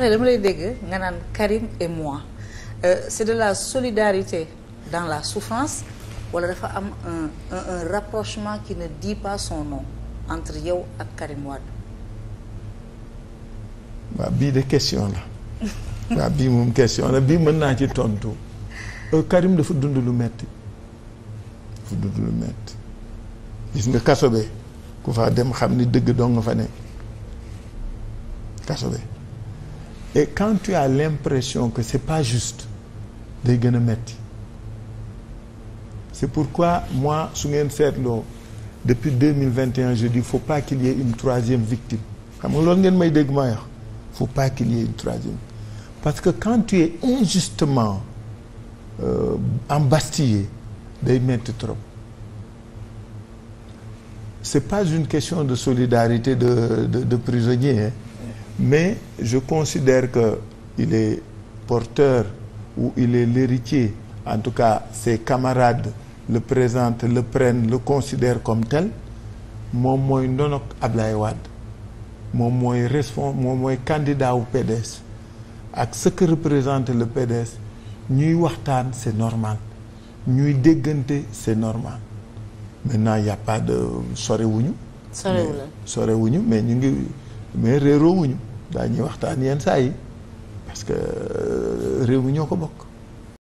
ne dama lay dégg nga naan Karim et moi euh, c'est de la solidarité dans la souffrance wala dafa am un un rapprochement qui ne dit pas son nom entre yow ak Karim Wade. waaw bii de question la waaw bii moom question la bii mën naa ci tontu euh, Karim dafa dund lu metti dafa dund lu metti gis nga kaso be ku fa dem xam ni dëgg doo nga fa ne kaso be et quand tu as l'impression que c'est pas juste day gën a metti c'est pourquoi moi su ngeen seetloo depuis 2021 je dis faut pas qu'il y ait une troisième victime xam nga loolu ngeen may dégg may wax faut pas qu'il y ait une parce que quand tu es injustement euh, embastillé day metti trop c'est pas une question de solidarité de de, de prisonniers hein. mais je considère que il est porteur ou il est l'héritier en tout cas ses camarades le présentent le prennent le considèrent comme tel moom mooy ndonok Ablaye Wade moom mooy respon moom mooy candidat wu PDS ak ce que représente le PDS ñuy waxtaan c'est normal ñuy déggante c'est normal maintenant il y pas de sorewuñu sorewuñu mais ñu ngi mais réeroowuñu daañuy waxtaan yenn saa yi parce que euh, réew mi ñoo ko bokk.